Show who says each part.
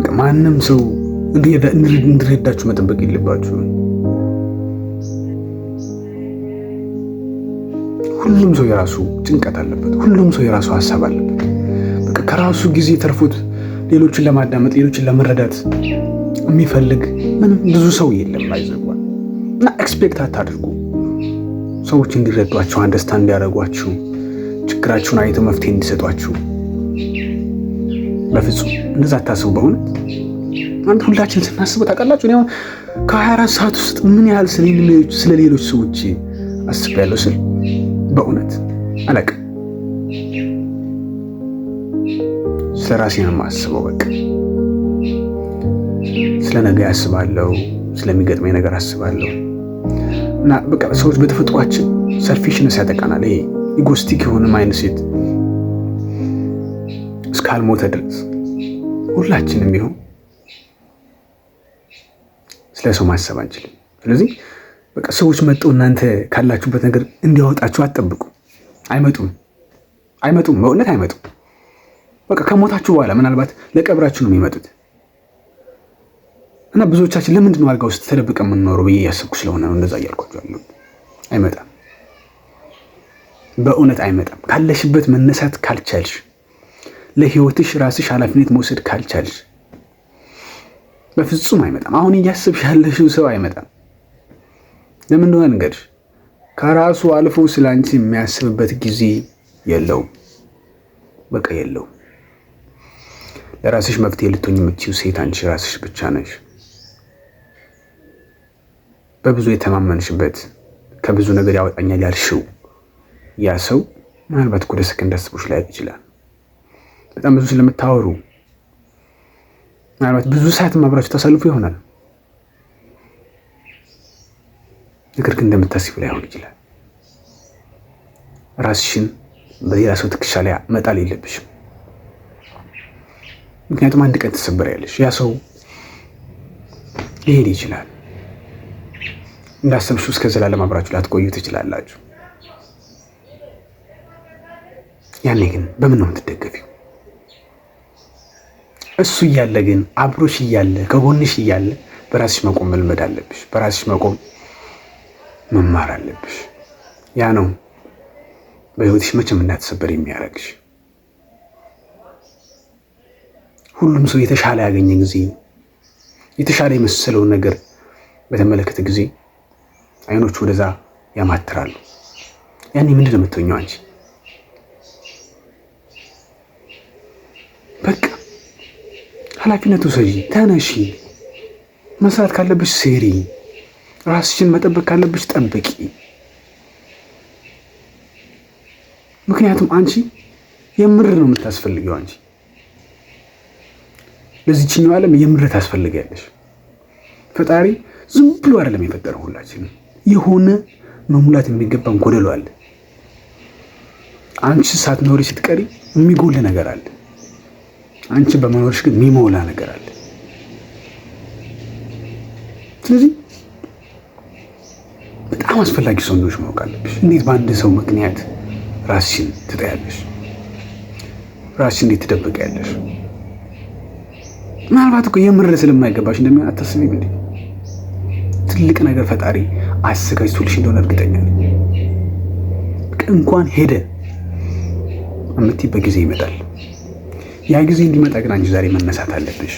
Speaker 1: በቃ ማንም ሰው እንዲረዳችሁ መጠበቅ የለባችሁ። ሁሉም ሰው የራሱ ጭንቀት አለበት። ሁሉም ሰው የራሱ ሀሳብ አለበት። በቃ ከራሱ ጊዜ ተርፎት ሌሎችን ለማዳመጥ ሌሎችን ለመረዳት የሚፈልግ ምንም ብዙ ሰው የለም። አይዘጓል እና ኤክስፔክት አታድርጉ ሰዎች እንዲረዷቸው አንደርስታንድ እንዲያደርጓችሁ፣ ችግራችሁን አይተው መፍትሄ እንዲሰጧችሁ በፍጹም እንደዛ አታስቡ። በእውነት አንድ ሁላችን ስናስበው ታውቃላችሁ፣ እኔ አሁን ከ24 ሰዓት ውስጥ ምን ያህል ስለ ሌሎች ሰዎች አስቤያለሁ ስል በእውነት አለቅ ስለ ራሴ ነው የማስበው። በቃ ስለ ነገ ያስባለው፣ ስለሚገጥመኝ ነገር አስባለሁ። እና በቃ ሰዎች በተፈጥሯችን ሰልፊሽነስ ያጠቃናል። ይሄ ኢጎስቲክ የሆነ ማይንድ እስካልሞተ ድረስ ሁላችንም ቢሆን ስለ ሰው ማሰብ አንችልም። ስለዚህ በቃ ሰዎች መጥተው እናንተ ካላችሁበት ነገር እንዲያወጣችሁ አትጠብቁ። አይመጡም፣ አይመጡም፣ በእውነት አይመጡም። በቃ ከሞታችሁ በኋላ ምናልባት ለቀብራችሁ ነው የሚመጡት እና ብዙዎቻችን ለምንድን ነው አልጋ ውስጥ ተደብቀ የምንኖረው ብዬ እያሰብኩ ስለሆነ ነው እንደዛ እያልኳቸው አይመጣም፣ በእውነት አይመጣም። ካለሽበት መነሳት ካልቻልሽ ለህይወትሽ ራስሽ ኃላፊነት መውሰድ ካልቻልሽ በፍጹም አይመጣም። አሁን እያስብሽ ያለሽው ሰው አይመጣም። ለምን እንደሆነ ንገርሽ። ከራሱ አልፎ ስለ አንቺ የሚያስብበት ጊዜ የለውም። በቃ የለውም። ለራስሽ መፍትሄ ልትሆኝ የምትችይው ሴት አንቺ ራስሽ ብቻ ነሽ። በብዙ የተማመንሽበት ከብዙ ነገር ያወጣኛል ያልሽው ያ ሰው ምናልባት ወደ ሰከንድ አስቦሽ ላያውቅ ይችላል። በጣም ብዙ ስለምታወሩ ምናልባት ብዙ ሰዓት አብራችሁ ተሰልፉ ይሆናል። ነገር ግን እንደምታስቡ ላይሆን ይችላል። ራስሽን በሌላ ሰው ትከሻ ላይ መጣል የለብሽም። ምክንያቱም አንድ ቀን ትሰበር ያለሽ ያ ሰው ሊሄድ ይችላል። እንዳሰብሽው እስከ ዘላለም አብራችሁ ላትቆዩ ትችላላችሁ። ያኔ ግን በምን ነው የምትደገፊው? እሱ እያለ ግን አብሮሽ እያለ ከጎንሽ እያለ በራስሽ መቆም መልመድ አለብሽ። በራስሽ መቆም መማር አለብሽ። ያ ነው በህይወትሽ መቼም እንዳትሰበር የሚያደርግሽ። ሁሉም ሰው የተሻለ ያገኘ ጊዜ የተሻለ የመሰለውን ነገር በተመለከተ ጊዜ አይኖቹ ወደዛ ያማትራሉ። ያኔ ምንድን ነው የምትሆኘው አንቺ? ኃላፊነት ውሰጂ፣ ተነሺ። መስራት ካለብሽ ስሪ፣ ራስሽን መጠበቅ ካለብሽ ጠብቂ። ምክንያቱም አንቺ የምር ነው የምታስፈልገው። አንቺ ለዚችኛው ዓለም የምር ታስፈልጊያለሽ። ፈጣሪ ዝም ብሎ አይደለም የፈጠረው። ሁላችንም የሆነ መሙላት የሚገባን ጎደሎ አለ። አንቺ ሳትኖሪ ስትቀሪ የሚጎል ነገር አለ። አንቺ በመኖርሽ ግን የሚሞላ ነገር አለ። ስለዚህ በጣም አስፈላጊ ሰው እንደሆንሽ ማወቅ አለብሽ። እንዴት በአንድ ሰው ምክንያት ራስሽን ትጠያለሽ? ራስሽን እንዴት ትደብቂያለሽ? ምናልባት እኮ የምር ስለማይገባሽ እንደሚሆን አታስቢም እንዴ? ትልቅ ነገር ፈጣሪ አዘጋጅቶልሽ እንደሆነ እርግጠኛ ነኝ። እንኳን ሄደ የምትይበት ጊዜ ይመጣል። ያ ጊዜ እንዲመጣ ግን አንቺ ዛሬ መነሳት አለብሽ።